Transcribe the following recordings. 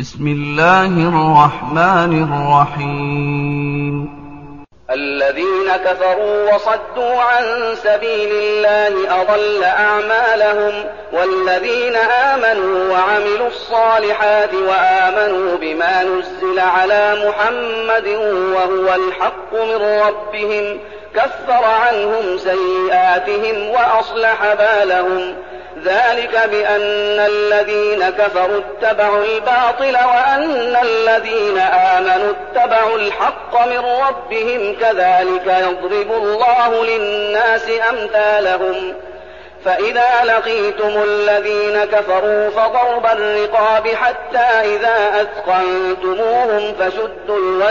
بسم الله الرحمن الرحيم الذين كفروا وصدوا عن سبيل الله أضل أعمالهم والذين آمنوا وعملوا الصالحات وآمنوا بما نزل على محمد وهو الحق من ربهم كفر عنهم سيئاتهم وأصلح بالهم ذلك بأن الذين كفروا اتبعوا الباطل وأن الذين آمنوا اتبعوا الحق من ربهم كذلك يضرب الله للناس أمثالهم فإذا لقيتم الذين كفروا فضرب الرقاب حتى إذا أثقنتموهم فشدوا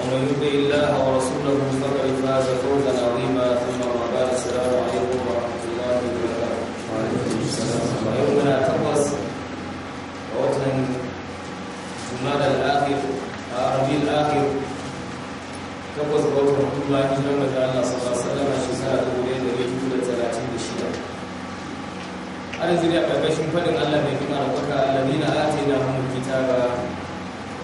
ومن يطع الله ورسوله فقد فاز فوزا عظيما ثم ما بعد السلام عليكم ورحمه الله وبركاته. وعليكم السلام ويومنا تقص وطن جمال الاخر ربيع الاخر تقص وطن كل واحد لما جاء صلى الله عليه وسلم شساء وليد رجل 36 arziki a ƙarƙashin faɗin Allah mai kuma da kuka alladina atina humul kitaba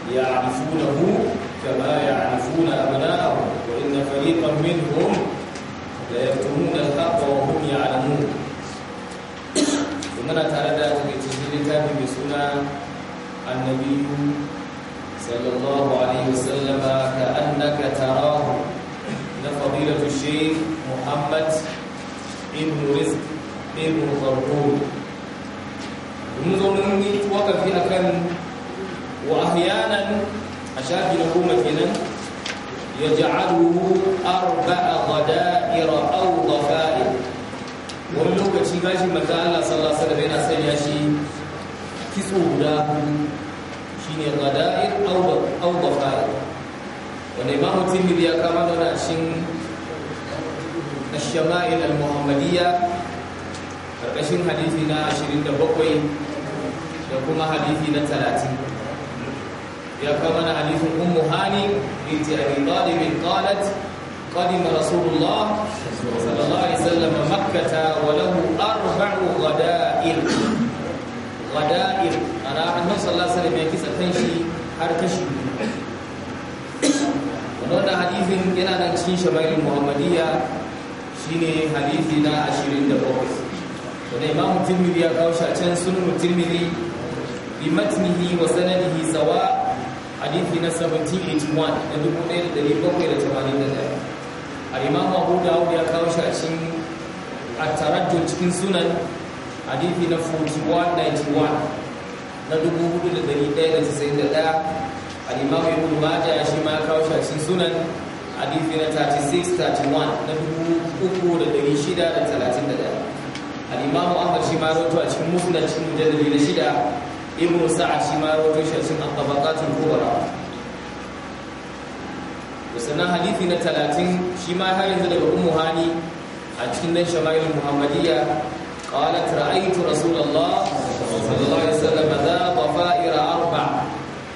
ya'rifunahu كما يعرفون أبناءهم وإن فريقا منهم ليكتمون الحق وهم يعلمون ومن تعالى تجد كتاب بسنة النبي صلى الله عليه وسلم كأنك تراه فضيلة الشيخ محمد ابن رزق ابن طربون منذ من وقف أكن وأحيانا a shafi na goma kenan ya ja'aluhu arba'a ghada'ir aw dhafa'ir wani lokaci gashi manzo Allah sallallahu alaihi wasallam yana sanya shi kitso guda shine ghada'ir aw aw dhafa'ir wani ba tirmidhi ya kama da rashin الشمائل المحمدية ƙarƙashin hadisi na 27 da kuma hadisi na 30 يا يكرمنا حديث ام هاني بنت ابي طالب قالت قدم رسول الله صلى الله عليه وسلم مكه وله اربع غدائر غدائر انا عنه صلى الله عليه وسلم يكيس التنشي هركشي ونودا حديث ينا نتشي شمال المحمديه شيني حديثنا عشرين دبوكس فالامام الترمذي يقول شاتشان سنن الترمذي بمتنه وسنده سواء hadithi na 1781 na da da da 1781 al-imam abu dawud ya kawo shi a cikin at-tarajjul cikin sunan hadithi na 4191 na hudu da da da 4191 al-imam ibn majah shi ma ya kawo shi a cikin sunan hadithi na 3631 na uku da da shida 3631 al-imam ahmad shi ma ya rawaito a cikin musnad cikin mujallad na shida. ibn sa'ad shi ma rawaito shi cikin tabaqatul kubra sannan hadithi na 30 shi ma har yanzu daga ummu hani a cikin nan shama'il muhammadiyya qalat ra'aytu rasulullah sallallahu alaihi wasallam da dhafa'ir arba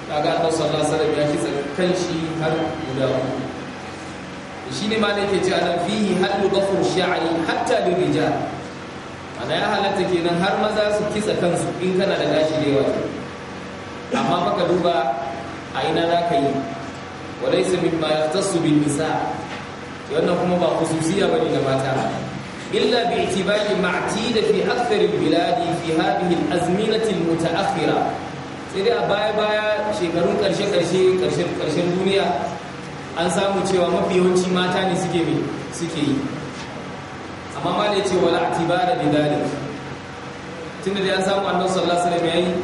kaga annabi sallallahu alaihi wasallam ya kitsa har guda shine ma da yake ana fihi halu dhafru sha'ri hatta lirijal ana ya halatta kenan har maza su kitsa kansu in kana da gashi da yawa amma baka duba a ina za ka yi walaisa min ma yahtassu bin nisa wannan kuma ba khususiya bane na mata illa bi itibari ma'tida fi akthar al-biladi fi hadhihi al-azminah al sai dai a baya baya shekarun karshe karshe karshen duniya an samu cewa mafi yawanci mata ne suke suke yi amma ma da ya ce wala atibara bi dalik tunda da an samu annabi sallallahu alaihi wasallam yayi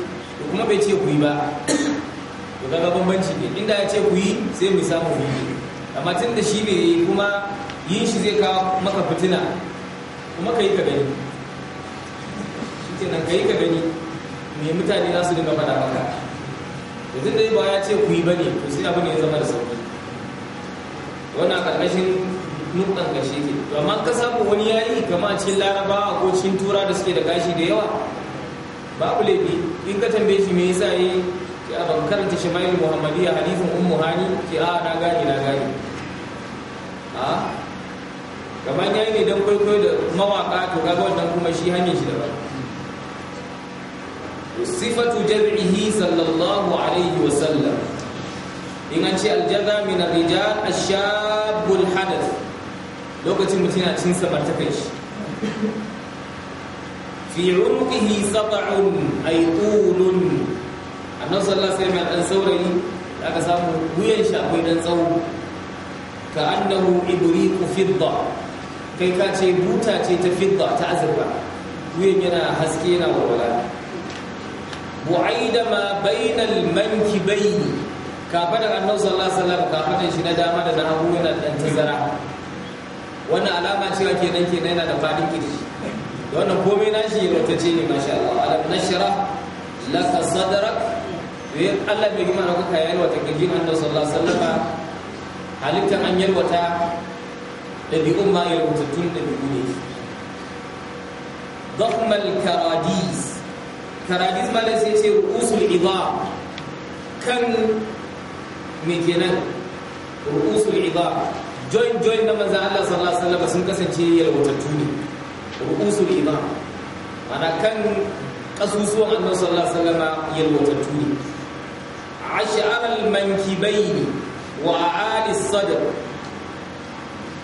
kuma bai ce ku yi ba to daga bambanci ne inda ya ce ku yi sai mu samu ku yi amma tunda shi ne yi kuma yin shi zai kawo maka fitina kuma kai ka gani shikenan kai ka gani me mutane za su dinga fada maka yanzu dai ba ya ce ku yi bane to sai ne ya zama da sauki wannan karkashin min ɗangashe ke to amma ka samu wani yayi kama a cikin larabawa ko cikin tura da suke da gashi da yawa babu laifi in ka tambaye shi me yasa yi ki a ban karanta shimail muhammadiyya hadisin ummu hani ki a na gani na gani a kamar yayi ne dan kwaikwayo da mawaka to ga wannan kuma shi hanyar shi da ba sifatu jar'ihi sallallahu alaihi wa sallam in an ce aljaza min ar-rijal ash hadath lokacin mutum yana cin samarta kai shi fi umqihi sab'un ay qulun annabi sallallahu alaihi wasallam dan saurayi aka samu wuyan shi akwai dan tsawo ka annahu ibriqu fidda kai ka ce buta ce ta fidda ta azurfa wuyan yana haske yana walwala bu'aida ma bainal mankibayn kafadan annabi sallallahu alaihi wasallam kafadan shi na dama da na hagu yana dan tazara wannan alama cewa kenan kenan yana da fadin kirji da wannan komai nashi yautace ne masha Allah alam nashra laka sadrak yin Allah bai gima maka kayan wata kirjin Annabi sallallahu alaihi wasallam halittan an yalwata ɗabi'un ma yalwatattun ɗabi'u ne ضخم karadis karadis ma da sai ce ru'usul idha kan mai kenan ru'usul idha join join na manzan Allah sallallahu alaihi wasallam sun kasance yalwatattu ne ru'usul imam mana kan kasusuwan annabi sallallahu alaihi wasallam yalwatattu ne ash'ar al-mankibaini wa a'ali Sadar,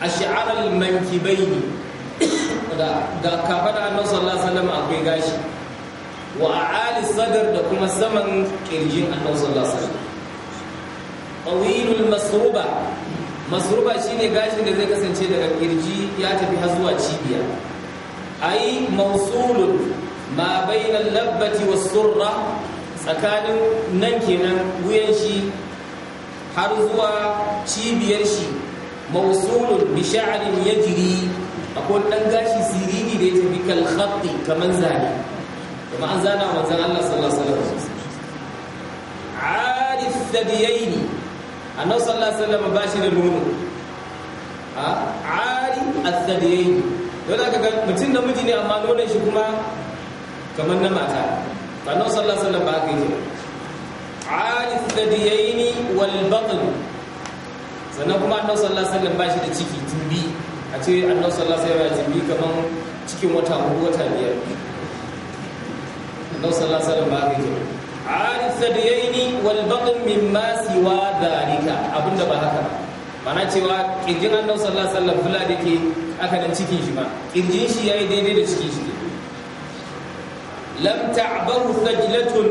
ash'ar al-mankibaini da ga kafada annabi sallallahu alaihi wasallam akwai gashi wa a'ali Sadar da kuma saman kirjin annabi sallallahu alaihi wasallam طويل المسروبه masruba shine gashin da zai kasance daga kirji ya tafi har zuwa cibiya ai mausulun ma baina labbati was surra tsakanin nan kenan wuyan shi har zuwa cibiyar shi mausulun bi sha'rin yajri akwai dan gashi siriri da ya tafi kal khatti kaman zane kuma an zana manzon Allah sallallahu alaihi wasallam arif thadiyaini annabi sallallahu alaihi wasallam ba shi da nono a ari al sadiyayn don haka ga mutum miji ne amma nonon shi kuma kamar na mata annabi sallallahu alaihi wasallam ba ka yi ari as-sadiyayn wal batn sannan kuma annabi sallallahu alaihi wasallam ba shi da ciki tumbi a ce annabi sallallahu alaihi wasallam tumbi kamar cikin wata hudu wata biyar annabi sallallahu alaihi wasallam ba ka yi an sadiyaini wal baqin mimma siwa dhalika abinda ba haka mana cewa kirjin annabi sallallahu alaihi wasallam fula dake aka nan cikin shi ba kirjin shi yayi daidai da cikin shi lam ta'baru sajlatun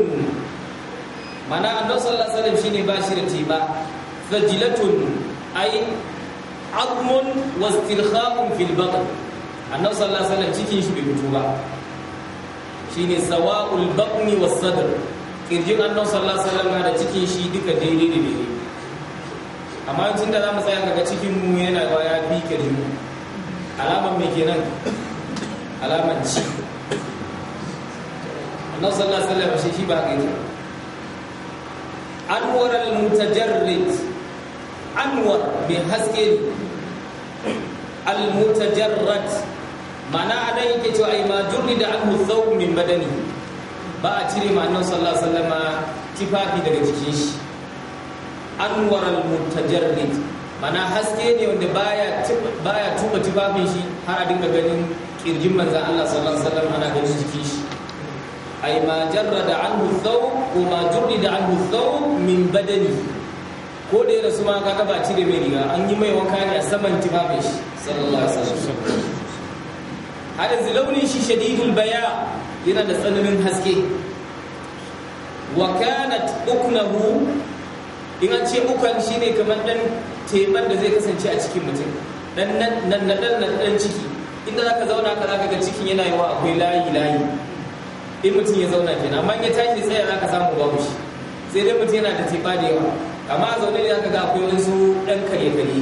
mana annabi sallallahu alaihi wasallam shine ba shi da tiba sajlatun ai azmun wastirkhaqun fil baqn annabi sallallahu alaihi wasallam cikin shi bai fito ba shine sawa'ul baqni was sadr kirjin annon sallallahu alaihi wasallam da cikin shi duka daidai da daidai amma yancin da zamu tsaya kaga cikin mu yana ba ya bi kirjin alama alaman mai kenan alaman ci annon sallallahu alaihi wasallam shi shi ba kai anwar al-mutajarrid anwar bi haske al mutajarrid mana adai ke cewa ai ma jurri da anhu thawb min badani ba a cire ma annabi sallallahu alaihi tifafi daga jikin shi anwar al-mutajarrid mana haske ne wanda baya baya tuba tifafin shi har a dinga ganin kirjin manzon Allah sallallahu alaihi wasallam ana ganin jikin shi ay ma da anhu thaw ko ma da anhu thaw min badani ko da ya rasu ma kaga ba cire mai riga an yi mai wanka ne a saman tifafin shi sallallahu alaihi wasallam har yanzu launin shi shadidul baya yana da tsananin haske wa kanat uklahu in an ce ukan shine kamar dan teban da zai kasance a cikin mutum dan nan nan nan dan ciki inda zaka zauna ka zaka ga cikin yana yawa akwai layi layi in mutum ya zauna kenan amma ya tashi tsaya zaka samu babu shi sai dai mutum yana da teba da yawa amma a zaune zaka ga akwai wasu su dan kare kare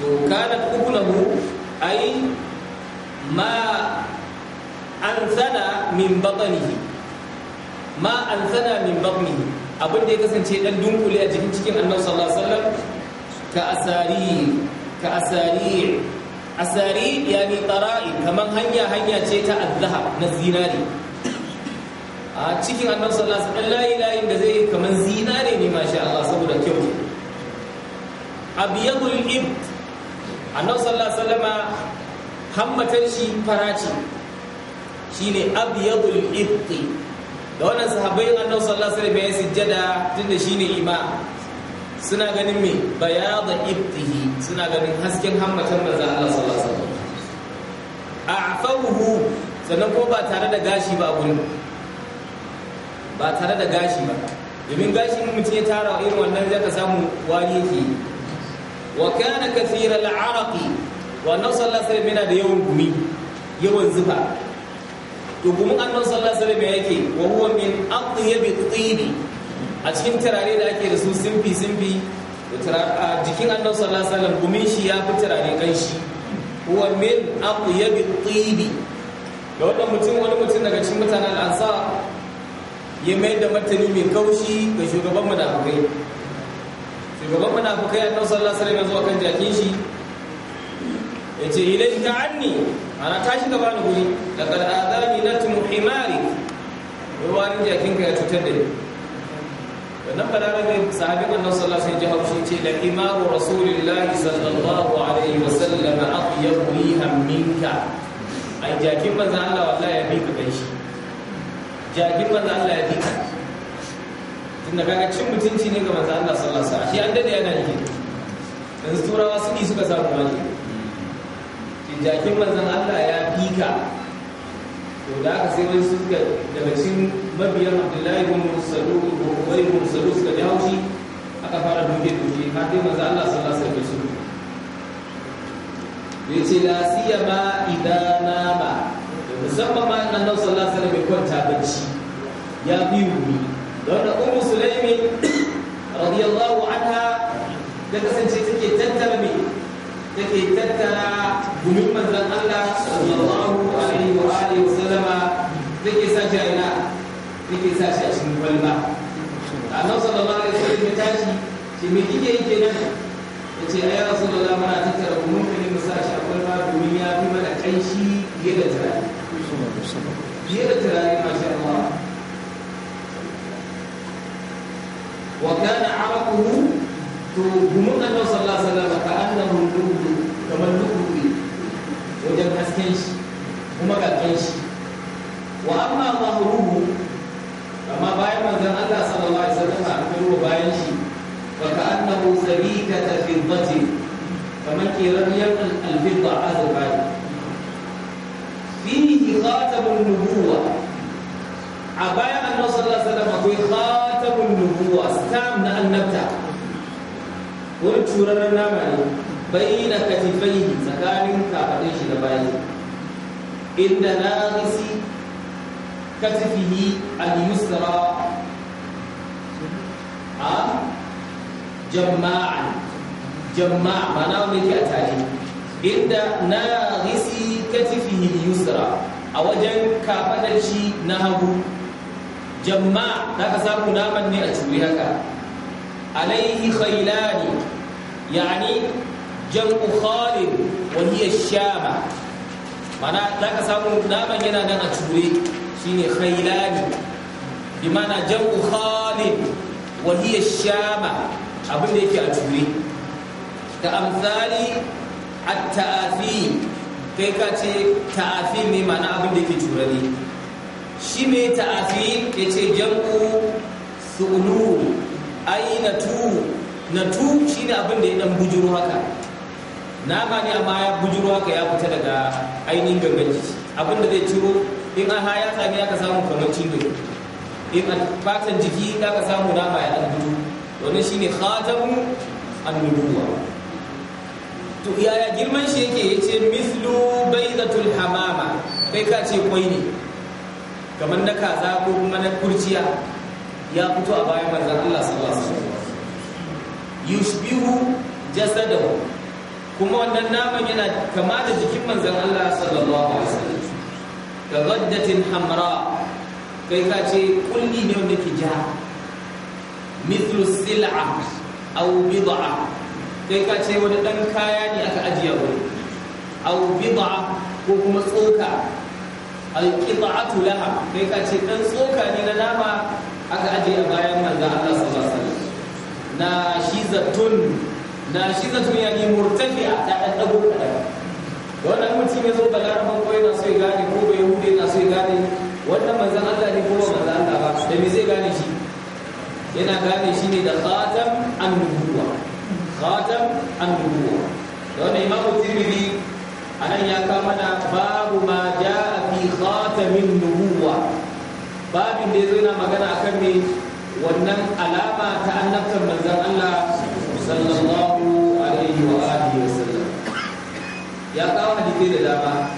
to kanat uklahu ai ma anzala min batnihi ma anzala min batnihi abin da ya kasance dan dunkule a jikin cikin annabi sallallahu alaihi wasallam ka asari ka asari asari yani tara'i kaman hanya hanya ce ta azhab na zinari a cikin annabi sallallahu alaihi wasallam layi layin da zai kaman zinare ne masha Allah saboda kyau abiyadul ibt annabi sallallahu alaihi wasallama hammatan shi faraci shine abyadul ibti da wannan sahabbai annabi sallallahu alaihi wasallam ya sujjada tunda shine imam suna ganin me bayad ibtihi suna ganin hasken hammatan manzo Allah sallallahu alaihi wasallam a'fahu sannan ko ba tare da gashi ba a gurin ba tare da gashi ba domin gashi mutum ya tara irin wannan zaka samu wani yake wa kana kathira al-araqi wa annabi sallallahu alaihi wasallam yana da yawan gumi yawan zufa to kuma annabi sallah sallah mai yake wa huwa min athyab at-tayyib a cikin turare da ake da su simfi simfi jikin annabi sallah sallah gumin shi ya fi turare shi huwa min athyab at-tayyib da wannan mutum wani mutum daga cikin mutanen ansa ya mai da martani mai kaushi ga shugaban munafukai shugaban munafukai annabi sallallahu sallah sallah ya zuwa kan jakin shi Ya ce yace ta anni ana ta shiga ba ni guri laqad na natu himari ruwan jakin ka ya cutar da ni wannan balarabe sahabin annan sallallahu alaihi wasallam ya ji haushi ce la himaru rasulillahi sallallahu alaihi wasallam atyabu lihan minka A jakin manzo Allah wallahi ya bi ka kai shi jakin manzo Allah ya bi ka da kaga cin mutunci ne ga manzo Allah sallallahu alaihi wasallam shi an dade yana yi yanzu turawa sun yi suka samu wani jakin manzan Allah ya fika to da aka sai wani suka daga cikin mabiyan Abdullahi bin Mursalu ko bai bin Mursalu suka ji haushi aka fara doke doke ka dai manzan Allah sallallahu alaihi wasallam ya ce la ma idan ba musamman ma annabi sallallahu alaihi wasallam ya kwanta bacci ya bi wuri da wannan ummu sulaimi radiyallahu anha da kasance take tattara تكي تتنا بممن ذن الله صلى الله عليه وآله وسلم تكي ساشا إلا تكي ساشا اسم والما أنه صلى الله عليه وسلم تاشي تمكي يكي نحن yace ai rasulullah muna tattara gumin kane mu sa shi akwai ma domin ya fi mana kanshi fiye da turare fiye da turare masha Allah wa kana araquhu to gumin annabi sallallahu alaihi wasallam ka annahu dubu kamar dubu ne wajen hasken shi kuma kalkan shi wa amma mahruhu amma bayan manzon Allah sallallahu alaihi wasallam a kuma bayan shi fa ka annahu sabikata fiddati kamar kirayyar al-fidda azbai fihi khatamun nubuwah a bayan annabi sallallahu alaihi wasallam akwai khatamun nubuwa stam na annabta wani turaren nama ne bai na katifai tsakanin kafaɗin shi da bayi inda na risi katifihi al-yusra a jama'a jama'a mana wani ke a tare inda na risi katifihi al-yusra a wajen kafaɗar shi na hagu jama'a za ka samu naman ne a curi haka عليه خيلان يعني جمع خالد وهي الشامة معنى ذاك سامو ناما ينا نانا تشوري شيني خيلان بمعنى جمع خالد وهي الشامة abin da yake a ture da amsali a ta'afi kai ka ce ta'afi ne mana abin ne shi me ta'afi ya ce jam'u ai na tu na tu shine abin da ya dan bujuro haka nama ne amma ya bujuro haka ya fita daga ainihin gangan abin da zai ciro in an haya ne aka samu kamar cindo in a fatan jiki aka samu nama ya dan bujuro wannan shine khatamu annubuwa to yaya girman shi yake yace mislu baydatul hamama kai ka ce kwai ne kamar na kaza ko kuma na kurciya ya fito a bayan manzon Allah sallallahu alaihi wasallam yushbihu jasadahu kuma wannan naman yana kama da jikin manzon Allah sallallahu alaihi wasallam ka gaddatin hamra kai ka ce kulli ne wanda ke ja mithlu sil'a aw bid'a kai ka ce wani dan kaya ne aka ajiye wuri aw bid'a ko kuma tsoka al qita'atu laha kai ka ce dan tsoka ne na nama aka ajiye a bayan manzan Allah sallallahu alaihi wasallam na shizatun na shizatun yani murtafi'a ta dan dago kadan wannan mutum ya zo balaraban ko yana so ya gane ko bai hude yana so ya gane wannan manzan Allah ne ko ba manzan Allah ba da me zai gane shi yana gane shi ne da khatam an-nubuwa khatam an-nubuwa da wannan imamu tirmidhi anan ya kama na babu ma jaa fi khatamin nubuwa yana magana kan me wannan alama ta annabtar manzon Allah sallallahu alaihi wa alihi wa sallam ya kawo hadisi da dama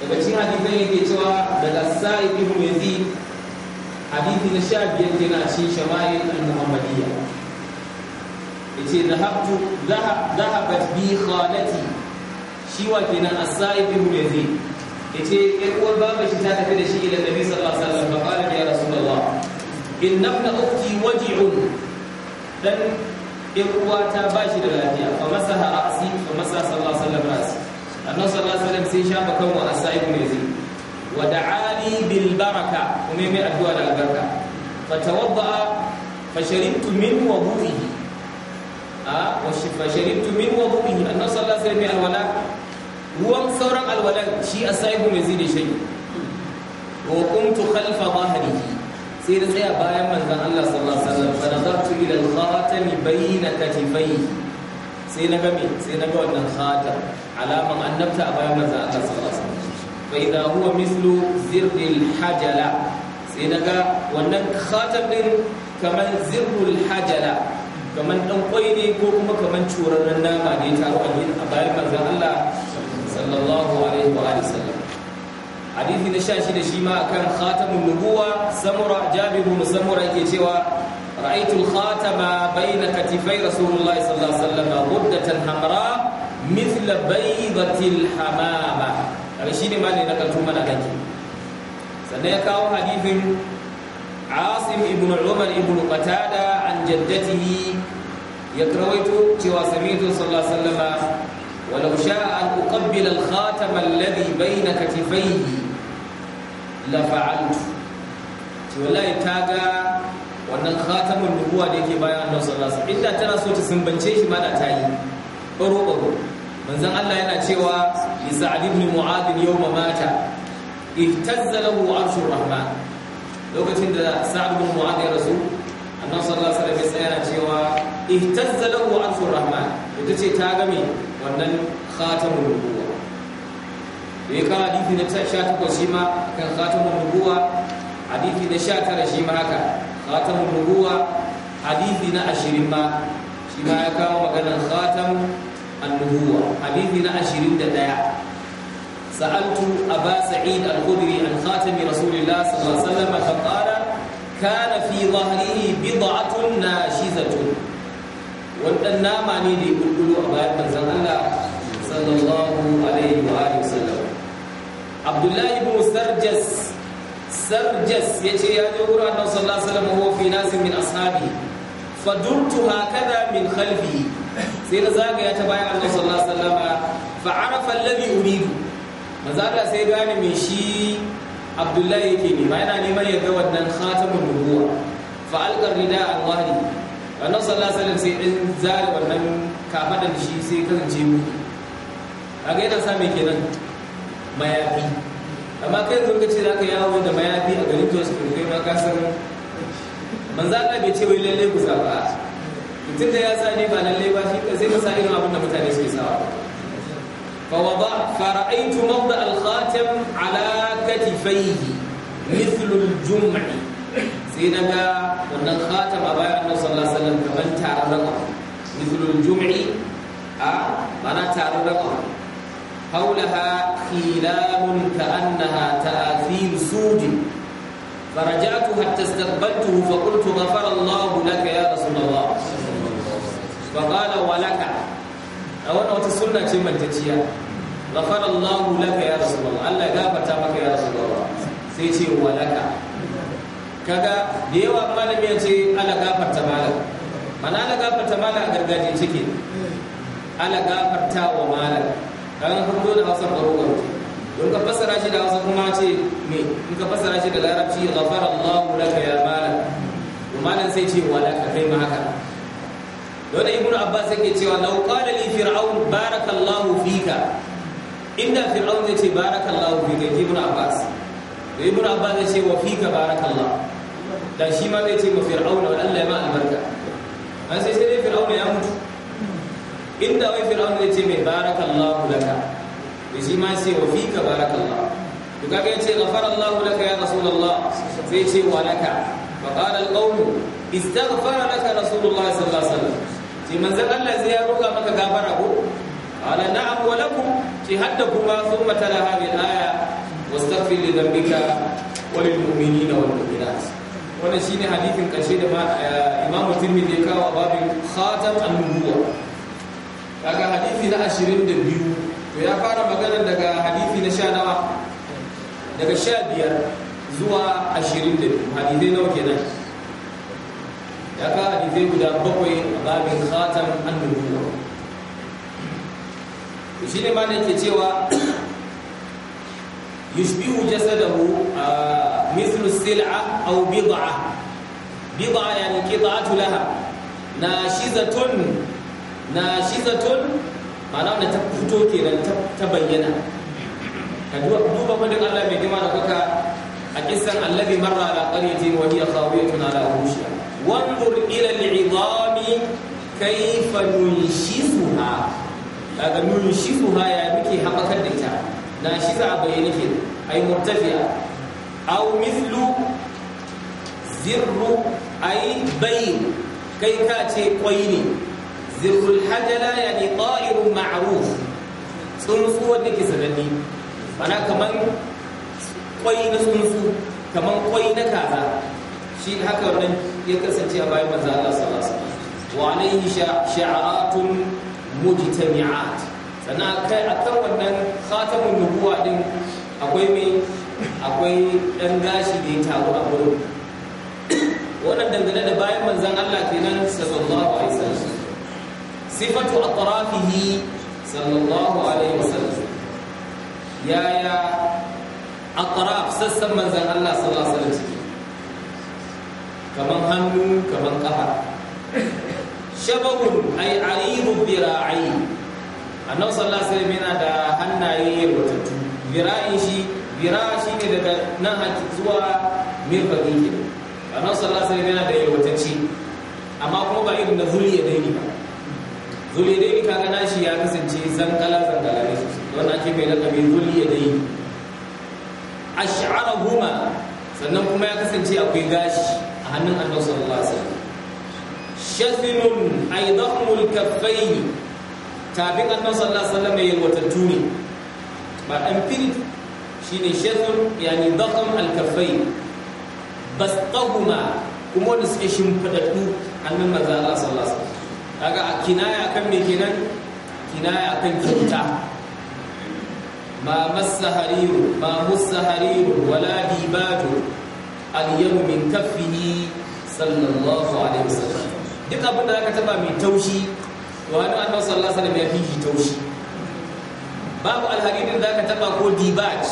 daga cikin hadisan yake cewa daga sa'id ibn yazid hadisi na sha biyar yana cin cikin shama'il al-muhammadiyya yace dhahabtu dhahabat bi khalati shi wa kenan as-sa'id ibn yazid yace yar uwar baba shi ta tafi da shi ila nabi sallallahu alaihi wasallam fa qala الله إن ابن أختي وجع dan ta ba shi da lafiya fa masaha ra'si fa masa sallallahu alaihi wasallam ra'si annabi sallallahu alaihi wasallam sai shafa kan wa asaibu ne zai wa da'ali bil baraka kuma mai addu'a da albarka fa tawadda'a fa sharibtu min wudu'ihi a wa fa sharibtu min wudu'ihi annabi sallallahu alaihi wasallam alwala ruwan sauran alwalan shi asaibu mai zai da shi wa qumtu khalfa dhahrihi sai da tsaya bayan manzan Allah sallallahu alaihi wasallam fa nazartu ila al-khatam katifai sai na ga sai na ga wannan khatam alaman annabta a bayan manzan Allah sallallahu alaihi wasallam fa idha huwa mislu zirril hajala sai na ga wannan khatam din kaman zirrul hajala kaman dan kwai ne ko kuma kaman curarren nama ne ta a bayan manzan Allah sallallahu alaihi wa sallam hadisi na sha shida shi ma akan khatamun nubuwa samura jabir bin samura yake cewa ra'aytu al-khatama bayna katifai rasulullah sallallahu alaihi wasallam muddatan hamra mithla baydati al-hamama kai shine ma ne na kantu mana kanki sannan ya kawo hadisin عاصم ابن عمر ابن قتادة عن جدته يترويت cewa sami'tu sallallahu alaihi wasallam ولو شاء أن أقبل الخاتم الذي بين كتفيه لفعلت ta ga wannan khatamin nubuwa da yake baya annabi sallallahu alaihi wasallam inda tana so ta sumbance shi ma da tayi baro baro manzon Allah yana cewa li sa'd ibn mu'ad yawma mata ihtazza lahu arshur rahman lokacin da sa'd ibn mu'ad ya rasu annabi sallallahu alaihi wasallam yana cewa ihtazza rahman ce ta wannan khatamun nubuwa da ya kawo hadithi na sha takwas shi ma kan khatamun nubuwa hadithi na sha shi ma haka khatamun nubuwa hadithi na ashirin ma shi ma ya kawo maganar khatam annubuwa hadithi na ashirin da ɗaya سألت أبا سعيد الخدري عن خاتم رسول الله صلى الله عليه وسلم فقال كان في ظهره wannan nama ne da ya kulkulo a bayan manzon Allah sallallahu alaihi wa sallam. wasallam Abdullahi ibn Sarjas Sarjas ce ya je wurin Annabi sallallahu alaihi wasallam huwa fi nas min ashabi fadurtu hakada min khalfi sai na zagaya ta bayan Annabi sallallahu alaihi wasallam fa arafa alladhi uridu manzo Allah sai gane me shi Abdullahi yake nema yana neman ya ga wannan khatamun nubuwa fa alqa rida al-wahid annabi sallallahu alaihi wasallam sai din zari wannan da shi sai kasance mu kaga yana sa kenan mayafi amma kai yanzu ka ce zaka yawo da mayafi a garin Jos to kai ma ka san manzo Allah bai ce wai lalle ku sa ba mutum da ya sa ne ba lalle ba shi ka sai ka sa irin abin da mutane suke sawa fa wada fa ra'aytu mawda al-khatam ala katifayhi mithlu al-jum'i sai na ga wannan khatam a bayan annabi sallallahu alaihi wasallam kaman tararren abu mithlul jum'i a mana tararren abu haulaha khilalun ka'annaha ta'athir sujin فرجعت حتى استقبلته فقلت غفر الله لك يا رسول الله فقال ولك أولا وتسنة شما تتيا غفر الله لك يا Allah ya ألا maka تامك يا رسول الله سيتي ولك kaga da yawa malami ya ce ala gafarta malam mana ala gafarta malam a gargajiyar ciki ala gafarta wa malam kaga kun dole hausa baro baro don ka fassara shi da hausa kuma ce me in ka fassara shi da larabci ghafara Allahu laka ya malam malam sai ce wala ka kai ma haka dole ibnu abbas yake cewa law qala li fir'aun barakallahu fika inda fir'aun zai ce barakallahu fika ibnu abbas ibnu abbas zai ce wa fika barakallahu da shi ma zai ce ma fir'auna wa Allah ya ma albarka an sai sai dai fir'auna ya mutu inda wai fir'auna zai ce mai barakallahu laka da shi ma sai wa fika barakallahu to kaga yace ghafarallahu laka ya rasulullah sai ce wa laka fa qala alqawm istaghfara laka rasulullah sallallahu alaihi wasallam sai manzon Allah zai ya roka maka gafara ko qala na'am wa lakum ci hadda kuma thumma tala hadhihi al-aya واستغفر لذنبك وللمؤمنين والمؤمنات wannan shine hadithin karshe da eh, Imam Tirmidhi ya kawo a babin khatam an-nubuwa kaga hadithi na 22 to ya fara magana daga hadithi na sha nawa daga sha biyar zuwa 22 hadithai nawa kenan ya ka hadithai guda bakwai a babin khatam an-nubuwa to shine ma ne ke cewa yushbihu jasadahu mithlu sil'a aw bid'a bid'a yani qita'atu laha nashizatun nashizatun ma'ana wanda ta fito kenan ta bayyana ka duba fadin Allah mai girma da kuka a kisan allazi marra ala qaryatin wa hiya khawiyatun ala urushiha wanzur ila al'idami kayfa nunshizuha kaga ya haɓakar da ita Na shi za a bayyana ke ay murtafi'a aw mithlu zirru ay bayn kai ka ce kwai ne zirrul hajala ne ta'irun maaruf tsunsu wanda ke sananne mana kaman kwai na tsuntsu kaman kwai na kaza shi haka wannan ya kasance a bayan manzo Allah sallallahu alaihi wa alaihi sha'aratun mujtami'at sannan kai a kan wannan khatamun nubuwa din akwai me akwai dan gashi da ya taru a gurin wannan dangane da bayan manzon Allah kenan sallallahu alaihi wasallam sifatu atrafihi sallallahu alaihi wasallam yaya atraf sassan manzon Allah sallallahu alaihi wasallam kaman hannu kaman kafa shabahun ay aribud dira'i annabi sallallahu alaihi wasallam yana da hannaye yarwatattu bira'in shi bira shi ne daga nan haki zuwa mirfaqin ke annabi sallallahu alaihi wasallam yana da yarwatacce amma kuma ba irin na zuliya daini ba dai ka kaga nashi ya kasance zankala zankala ne wannan ake bai lakabi zuliya daini ash'arahuma sannan kuma ya kasance akwai gashi a hannun annabi sallallahu alaihi wasallam shazinun aidahumul kaffayni tafin annan sallallahu alaihi wasallam mai yalwatattu ne ba dan firit shine shadhun yani dhaqam al-kaffay basqahuma kuma wanda suke shimfadaddu annan manzo Allah sallallahu alaihi wasallam kaga kinaya kan me kenan kinaya kan kyauta ma مس حرير ما مس حرير ولا ديباج Aliyu من كفه sallallahu alaihi عليه duk abinda aka taba mai taushi wani annabi sallallahu alaihi wasallam ya fifita shi babu alhadidin da ka taba ko dibaj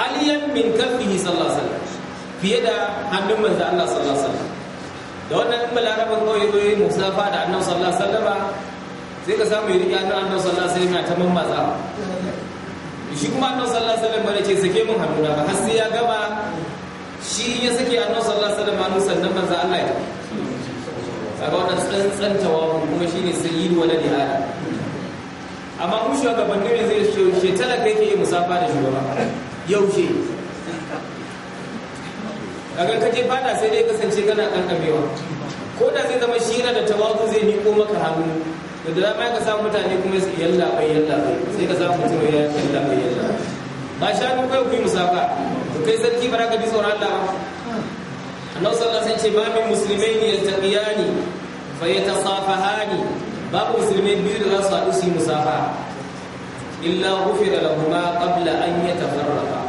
aliyan min kafihi sallallahu alaihi fiye da hannun manzan Allah sallasa da wannan in balaraban kawai zoye yi musafa da annabi sallallahu ba. sai ka samu yiri annan annabi sallallahu alaihi wasallam ta mammatsa shi kuma annan sallasa da wasallam ce sake mun hannuna ba har sai ya gama shi ya sake annan sallasa da wasallam sannan manzo Allah ya tafi kaga wannan tsantsan tawabu kuma shine sayyidu wala ni adam amma mu shugabanni ne zai ce she kai ke yi musafa da shugaba ce kaga kaje fada sai dai kasance kana kankamewa ko da zai zama shi yana da tawazu zai miko maka hannu da da dama ka samu mutane kuma su yalla bai yalla bai sai ka samu mutum ya yalla bai yalla ba sha ni kai ku musafa to kai sarki baraka bi sauran Allah annabi sallallahu alaihi wasallam ce ba min ne yaltaqiyani fa yatasafahani babu musulmai biyu da za su haɗu su yi musafa illa ghufira lahumma qabla an yatafarraqa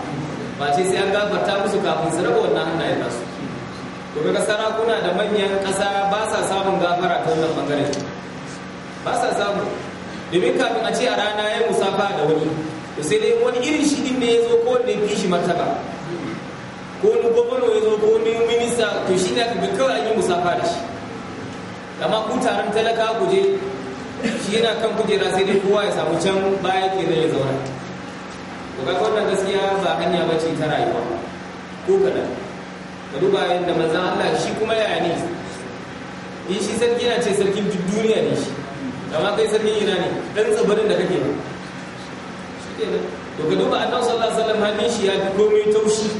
ba ce sai an gafarta musu kafin su raba wannan ya nasu to kaga sarakuna da manyan ƙasa ba sa samun gafara ta wannan bangaren ba sa samu domin kafin a ce a rana ya musafa da wani to sai dai wani irin shi din ne ya zo ko wanda ya fi shi martaba ko wani gwamna ya zo ko wani minista to shi ne aka bikin kawai an yi musafa da shi amma ku taron talaka ku je shi yana kan kujera sai dai kowa ya samu can baya kenan ya zauna to ga wannan gaskiya ba hanya ba ce ta rayuwa ko kaɗan ka duba yadda manzon Allah shi kuma yaya ne in shi sarki yana ce sarkin duk duniya ne shi amma kai sarkin ina ne dan tsibirin da kake ba shi kenan to ka duba annabi sallallahu alaihi wasallam hannun shi ya fi komai taushi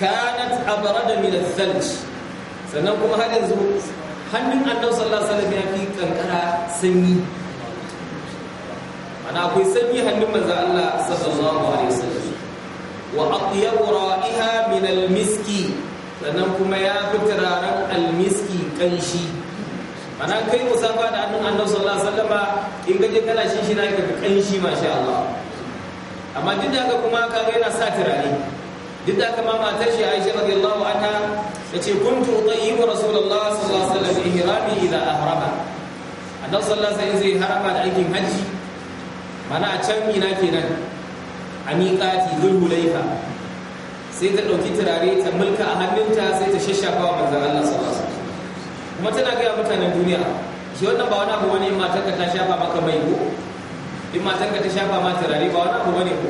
kanat abarada min ath-thalj sannan kuma har yanzu hannun annabi sallallahu alaihi wasallam ya fi kankara sanyi ana akwai sanyi hannun manzo Allah sallallahu alaihi wasallam wa atyab ra'iha min al-miski sannan kuma ya fi turaren al-miski kanshi ana kai musafa da hannun annabi sallallahu alaihi wasallam in gaje kana shi shi na ka kanshi masha Allah amma duk da haka kuma kaga yana sa turare duk da kama matar shi Aisha radiyallahu anha tace kuntu tayyibu rasulullah sallallahu alaihi wasallam ihrami idha ahrama annabi sallallahu alaihi wasallam zai harama da aikin haji mana a can mina kenan a miƙati zulhulaifa sai ta ɗauki turare ta mulka a hannunta sai ta shashafa wa manzan Allah sallallahu alaihi wasallam kuma tana gaya mutanen duniya shi wannan ba wani abu bane in matarka ta shafa maka mai ko in matarka ta shafa ma turare ba wani abu bane ko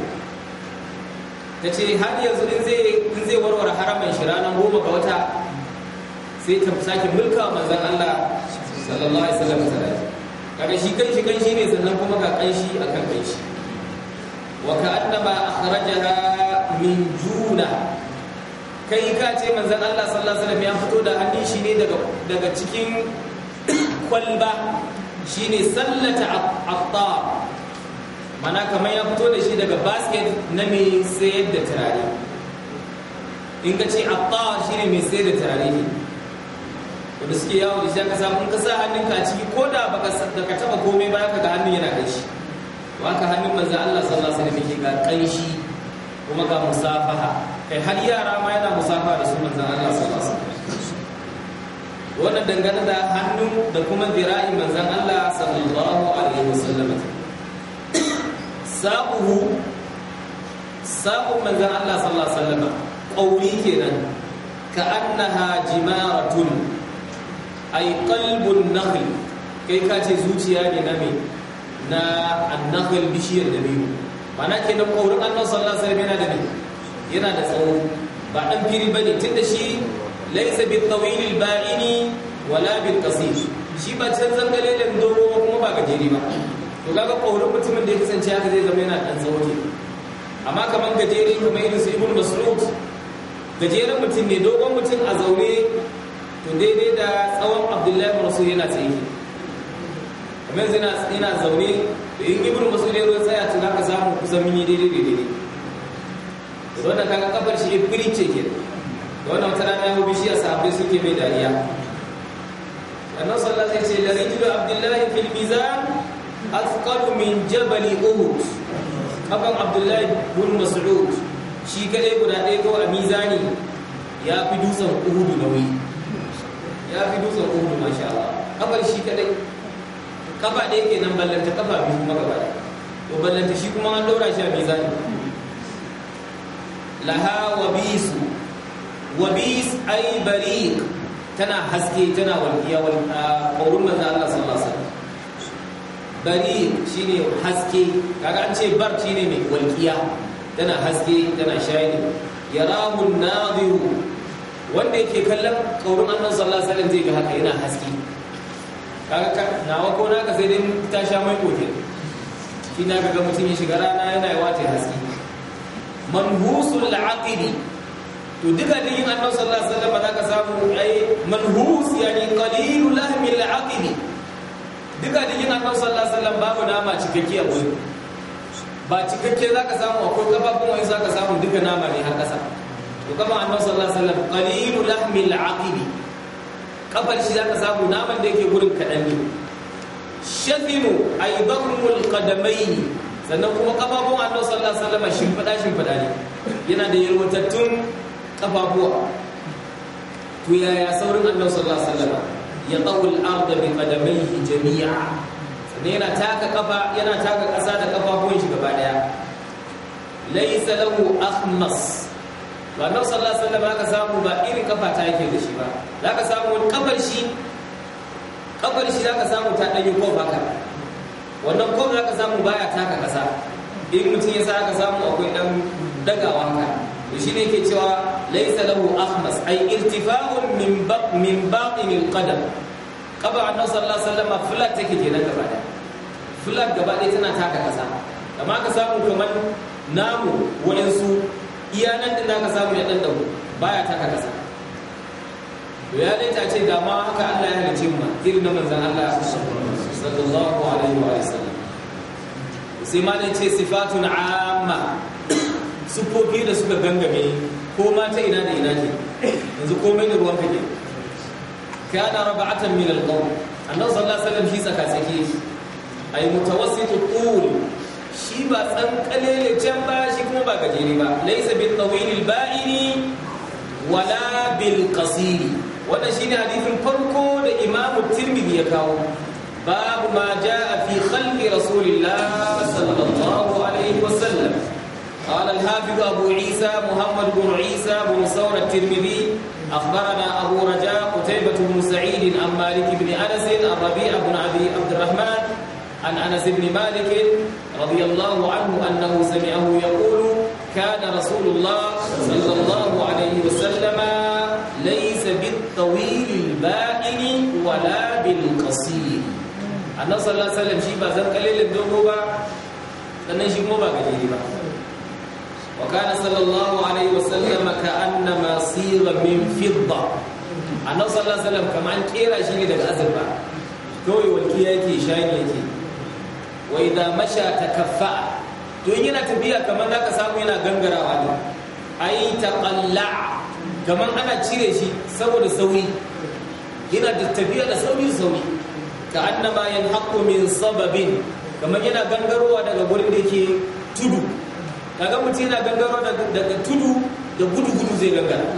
ta ce har yanzu in zai warware haramin shi ranar goma ga wata sai ta sake mulka manzan Allah sallallahu alaihi wasallam salati kaga shi kan shi kan shi ne sannan kuma ga kan shi akan kan shi wa annaba akhrajaha min juna kai ka ce manzan Allah sallallahu alaihi wasallam ya fito da hannun shi ne daga daga cikin kwalba shine sallata aqtar mana kamar ya fito da shi daga basket na mai sayar da turare in ka ce atta shi ne mai sayar da turare ne wanda suke yawo da shi aka samu in ka sa hannunka a ciki ko da baka ka taba komai ba ka ga hannun yana shi. ba ka hannun manzo Allah sallallahu alaihi wasallam yake ga ƙanshi kuma ga musafaha kai har yara ma yana musafaha da su manzo Allah sallallahu alaihi wasallam wannan dangane da hannu da kuma zira'i manzan Allah sallallahu alaihi wasallam sabuhu sabun manzan Allah sallallahu alaihi wasallam qauli kenan ka annaha jimaratun ay qalbun nakhl kai ka ce zuciya ne na me na annakhl bishiyar da biyu mana kenan qaurin Allah sallallahu alaihi wasallam yana da me yana da tsawo ba dan fili bane tunda shi laysa bil tawil al ba'ini wala bil qasir shi ba can zangale dogo kuma ba gajeri ba to kaga ƙaurin mutumin da ya kasance haka zai zama yana ɗan tsawo amma kamar gajere kamar irin su ibn masrud gajeren mutum ne dogon mutum a zaune to daidai da tsawon abdullahi rasul yana tsaye kamar yanzu yana zaune to in ibn masrud ya ruwa tsaya to zaka samu kusan mini daidai daidai daidai wannan kaga kafar shi ifiri ce ke da wannan wata rana yau bishiya sahabbai suke mai dariya annabi sallallahu alaihi wasallam ya ce la rijilu abdullahi fil mizan azqalu min jabal uhud kaban abdullahi bin mas'ud shi kadai guda ɗaya ko a mizani ya fi dutsen uhud nauyi ya fi dutsen uhud masha Allah kafar shi kadai kafa ɗaya kenan ballanta kafa biyu kuma gaba to ballanta shi kuma an daura shi a mizani laha wabisu wabis ay tana haske tana walqiya wal qawlun manzo Allah sallallahu bari ne haske kaga an ce bar ne mai walkiya tana haske tana shayi. yarahu an-nadhiru wanda yake kallon kaurin annan sallallahu alaihi wasallam zai ga haka yana haske kaga nawa ko naka sai dai ta sha mai koke shi na ga mutum ya shiga rana yana yawa ta haske manhusul aqidi to duka yin annan sallallahu alaihi wasallam za ka samu ai manhus yani qalilul lahmil aqidi duka jikin annabi sallallahu alaihi wasallam babu nama cikakke a wuri ba cikakke zaka samu akwai kafafun wani zaka samu duka nama ne har kasa to kama annabi sallallahu alaihi wasallam qalilu lahmil aqibi kafar shi zaka samu naman da yake gurin kadan ne shafimu aidahumul qadamaini sannan kuma kafafun annabi sallallahu alaihi wasallam shimfada shimfada ne yana da yalwatattun kafafuwa to yaya saurin annabi sallallahu alaihi wasallam ya tsawul arda bi qadamaihi jami'a sai yana taka kafa yana taka kasa da kafafuwan shi gaba daya laysa lahu akhmas ba nan sallallahu alaihi wasallam aka samu ba irin kafa ta yake da shi ba zaka samu wani kafar shi kafar shi zaka samu ta danyi ko baka wannan ko zaka samu baya taka kasa in mutum ya sa aka samu akwai dan dagawa ka. to shine yake cewa laysa lahu ahmas ay irtifa'un min ba min ba'in alqadam kabar annabi sallallahu alaihi wasallam flat take kenan gaba da flat gaba ɗaya tana taka kasa amma ka samu kamar namu wa'ansu iya nan din ka samu ya dan dawo baya taka kasa to ya dai ta ce da ma haka Allah ya halice mu irin na manzon Allah sallallahu alaihi wa sallam sai ma ne ce sifatun amma sufofi da suka gangame ko ma ta ina da ina ce yanzu komai da ruwan kake kana raba'atan min al-qawl annabi sallallahu alaihi wasallam shi tsaka tsaki ay mutawassitu tul shi ba tsan kalele can ba shi kuma ba gajere ba laysa bil tawil al ba'ini wala bil qasir wannan shine hadisin farko da imamu tirmidhi ya kawo babu ma jaa fi khalqi rasulillah sallallahu alaihi wasallam قال الحافظ أبو عيسى محمد بن عيسى بن ثور الترمذي أخبرنا أبو رجاء قتيبة بن سعيد عن مالك بن أنس الربيع بن أبي عبد الرحمن عن أنس بن مالك رضي الله عنه أنه سمعه يقول كان رسول الله صلى الله عليه وسلم ليس بالطويل البائن ولا بالقصير annabi sallallahu alaihi wasallam shi ba zan kalilin dogo ba sannan shi kuma ba gajeri ba وكان صلى الله عليه وسلم كأنما صير من فضة annabi sallallahu alaihi wasallam kamar an kera shi ne daga azurfa kawai walki yake shani yake wa idza masha takaffa to in yana tafiya kamar zaka samu yana gangarawa ne ai taqalla Kaman ana cire shi saboda sauri yana da tafiya da sauri sauri ka annama yanhaqu min sababin kamar yana gangarowa daga gurin da yake tudu kaga mutum yana gangaro daga tudu da gudu gudu zai gangara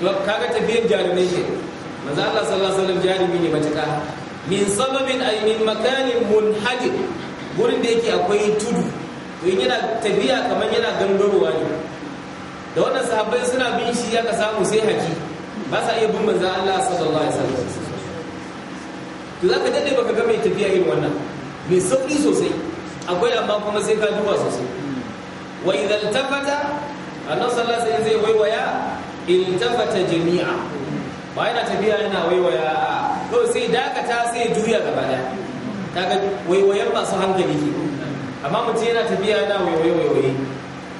to kaga tafiyar jarumai ke manzo Allah sallallahu alaihi wasallam jarumi ne matuƙa min sababin ay min makanin munhajir gurin da yake akwai tudu to yana tafiya kamar yana gangarowa ne da wannan sahabbai suna bin shi aka samu sai haji ba sa iya bin manzo Allah sallallahu alaihi wasallam to zaka dade baka ga mai tafiya irin wannan mai sauri sosai akwai amma kuma sai ka duba sosai wa idan a annan sallasa sai zai waiwaya in tafata jami'a ba yana tafiya yana waiwaya a kawai sai dakata sai juya gaba daya kaga waiwayen masu hankali ke amma mutum yana tafiya yana waiwaye waiwaye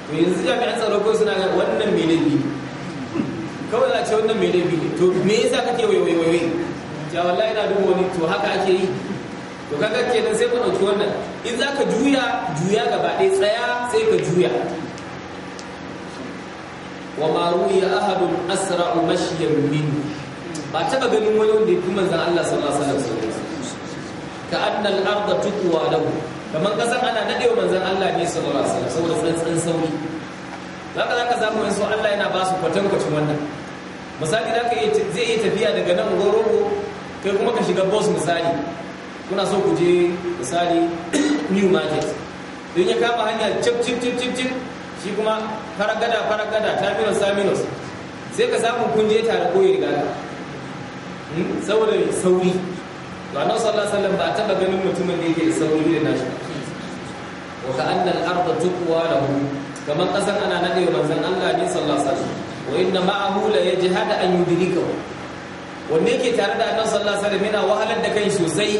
to yanzu jami'an tsaro ko suna ga wannan mai laifi kawai za ce wannan mai laifi to me yasa kake waiwaye waiwaye ja wallahi yana duba wani to haka ake yi to kaga kenan sai ku dauki wannan in za ka juya juya gaba ɗaya tsaya sai ka juya wa ya ahadun asra mashiyar Minu. ba taɓa ganin wani wanda ya fi manzan Allah sallallahu alaihi wasallam ka annal arda tuqwa lahu kamar kasan ana nadewa manzan Allah ne sallallahu alaihi wasallam saboda tsantsan sauri zaka zaka samu wasu Allah yana ba su kwatan kwacin wannan misali zaka zai iya tafiya daga nan gorogo kai kuma ka shiga boss misali kuna so ku je misali new market don ya kama hanya cip cip cip cip cip shi kuma faragada faragada terminus terminus sai ka samu kun je tare ko ya riga hmm? saboda sauri to annabi sallallahu alaihi wasallam ba taba ganin mutumin da yake da sauri da nashi wa ka anna al-ardu tuqwa lahu kamar kasar ana nade wa manzon Allah ne sallallahu alaihi wasallam wa inna ma'ahu la yajhada an yudrikahu wanne yake tare da annabi sallallahu alaihi wasallam yana wahalar da kai sosai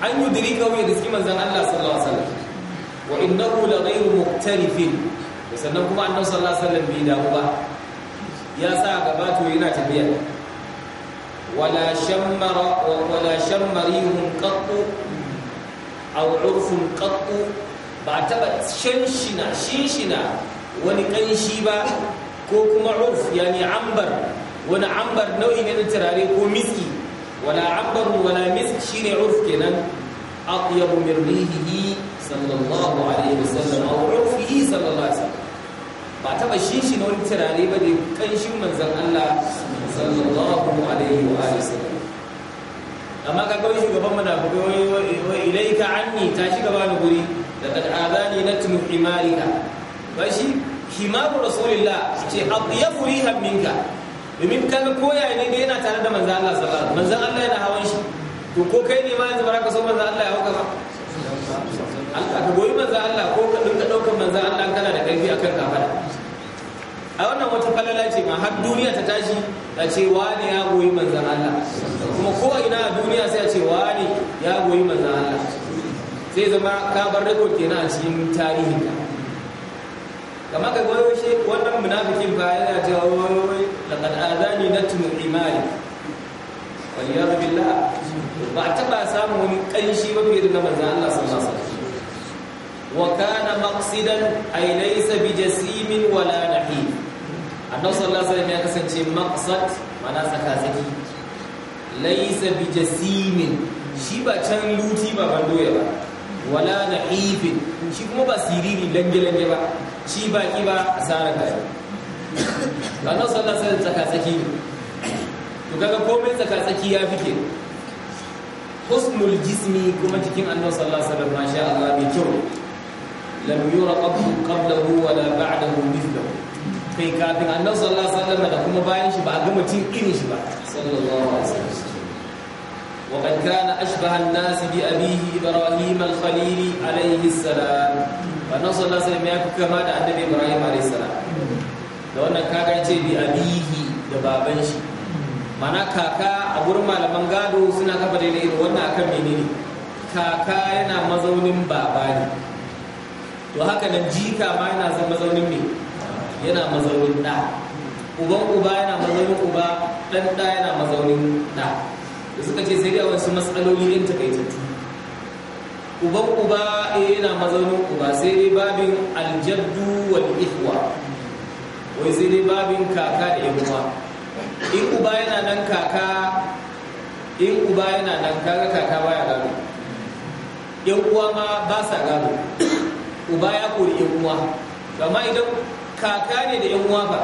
an yudrika wa yadski manzon Allah sallallahu alaihi wasallam wa innahu la ghayru muqtarifin sannan kuma annabi sallallahu alaihi wasallam bai damu ba ya sa gaba to yana tafiya wala shammara wala shammarihum qattu aw urfun qattu ba taba shanshina shinshina wani kanshi ba ko kuma urf yani ambar wani ambar nau'i ne na turare ko miski wala abbaru wala misk shine urf kenan atyabu min rihihi sallallahu alaihi wasallam aw urfihi sallallahu ba taba shishi na wani turare ba da kanshin manzon Allah sallallahu alaihi wa alihi wasallam amma ka kawai shugaban munafikai wa ilaika anni ta shiga bani guri laqad adani natlu himarika bashi himaru rasulillah ce atyabu rihan minka domin kan koya ne da yana tare da manzan Allah sallallahu alaihi manzan Allah yana hawan shi to ko kai ne ma yanzu ba ka so manzan Allah ya hauka ba Allah ka goyi manzan Allah ko ka dinka daukar manzan Allah kana da karfi akan kafara a wannan wata falala ce ma har duniya ta tashi ta ce ne ya goyi manzan Allah kuma ko ina a duniya sai a ce ne ya goyi manzan Allah sai zama ka bar rekord kenan a cikin tarihi. ka kama ka goyo shi wannan munafikin ba yana jawo laqad azani natmu imani wal yad billa? ba a taba samun wani ƙanshi ba bai da manzo Allah sallallahu alaihi wasallam wa kana maqsidan ay laysa bijasimin wala na annabi sallallahu alaihi wasallam ya kasance maqsad mana tsakatsaki laysa bijasimin shi ba can luti ba bandoya ba wala na nahifin shi kuma ba siriri lange lange ba ci baki ba asarar gari ranar sallar sai tsakatsaki ne to kaga komai tsakatsaki ya fike husnul jismi kuma jikin annabi sallallahu masha Allah mai kyau lam yura qabdu qablahu wala ba'dahu mithluhu kai kafin annabi sallallahu alaihi da kuma bayan shi ba a ga mutum irin shi ba sallallahu alaihi wasallam وقد كان أشبه الناس بأبيه إبراهيم الخليل عليه السلام wannan sallallahu alaihi wasallam ya fi kama da annabi ibrahim alaihi salam da wannan kaga ce bi abihi da baban shi mana kaka a gurin malaman gado suna kafa daidai irin wannan akan menene kaka yana mazaunin baba ne to haka nan jika ma yana zan mazaunin me yana mazaunin da uban uba yana mazaunin uba dan da yana mazaunin da da suka ce sai dai wasu matsaloli ɗin takaitattu uban uba eh, yana mazaunin uba sai dai babin aljabdu wal ihwa wai sai dai babin kaka da yan uwa in uba yana nan kaka in uba yana nan kaka kaka baya gado yan uwa ma ba sa gado uba ya kori yan uwa amma idan kaka ne da yan uwa ba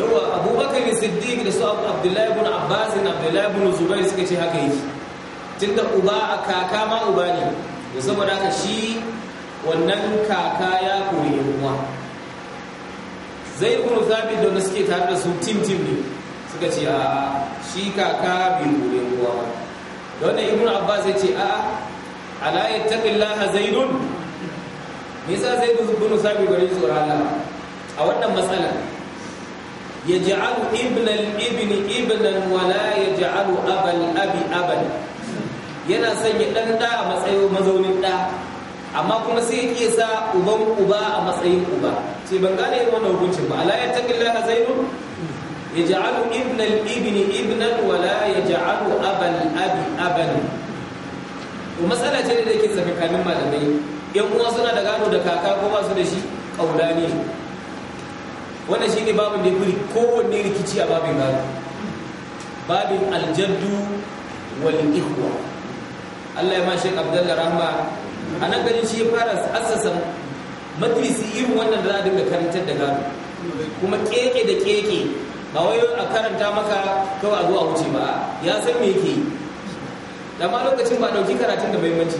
yawa abubakar siddiq da su abdullahi ibn abbas da abdullahi ibn zubair suka ce haka yake tunda uba a kaka ma uba ne da saboda haka shi wannan kaka ya kori uwa zai kuma zabi da suke tare da su tim tim ne suka ce a shi kaka bai kori uwa da wanda ibn abba zai ce a ala yattaqillaha zaidun nisa zai bin zabi bari tsoron Allah a wannan matsala ya ja'alu ibnal ibni ibnan wala ya ja'alu abal abi abal yana sanya ɗan ɗa a matsayin mazaunin ɗa amma kuma sai ya sa uban uba a matsayin uba ce ban gane yin wannan hukuncin ba ala ya taƙi laha zainu ya ja'alu ibnal ibni ibnan wala ya ja'alu abal abi aban to matsala ce da yake tsakanin malamai yan uwa suna da gano da kaka ko ba su da shi ne wannan shine babin da ko kowanne rikici a babin gano. babin aljaddu wal ikhwa Allah ya ma shi Abdullahi Rahma a nan garin shi ya fara assasa matrisi irin wannan da za a dinga karantar da gado kuma keke da keke ba wai a karanta maka kawai a zuwa wuce ba ya san me yake da ma lokacin ba dauki karatun da muhimmanci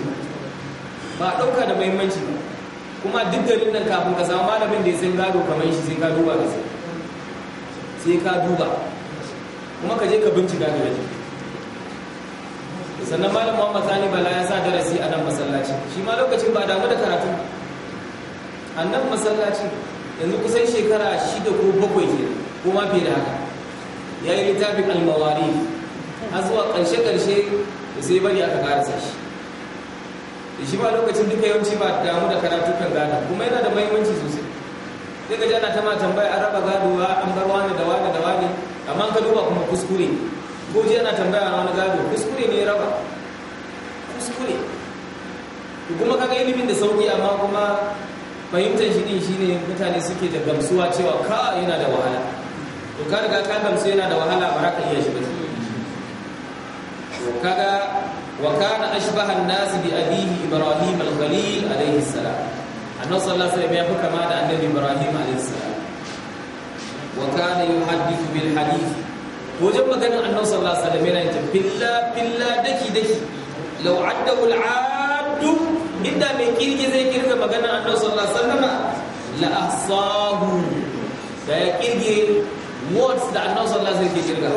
ba a dauka da muhimmanci kuma duk garin nan kafin ka samu malamin da ya san gado kamar shi sai ka duba sai ka duba kuma ka je ka bincika da rajin sannan malam muhammad sani bala ya sa darasi a nan masallaci shi ma lokacin ba damu da karatu a nan masallaci yanzu kusan shekara shida ko bakwai ke ko ma fiye da haka ya yi littafin almawari a zuwa ƙarshe-ƙarshe da sai bari aka karasa shi da shi ba lokacin duka yawanci ba damu da karatu kan gada kuma yana da mahimmanci sosai sai ka jana ta ma tambaya an raba gadowa an bar wani da wani da wani amma ka duba kuma kuskure ko ji ana tambaya a wani gado kuskure ne raba kuskure kuma kaga ilimin da sauki amma kuma fahimtar shi din shine mutane suke da gamsuwa cewa ka yana da wahala to ka riga ka gamsu yana da wahala ba ka iya shi ba to kaga wa kana ashbaha an-nas bi abihi ibrahim al-khalil alayhi salam annabi sallallahu alaihi wasallam ya fi kama da annabi ibrahim alayhi salam wa kana yuhaddithu bil hadith wajen maganin annabi sallallahu alaihi wasallam yana yin filla filla daki daki law addahu al'addu inda mai kirge zai kirga maganin annabi sallallahu alaihi wasallam la ahsahu da ya kirge words da annabi sallallahu alaihi wasallam ke kirga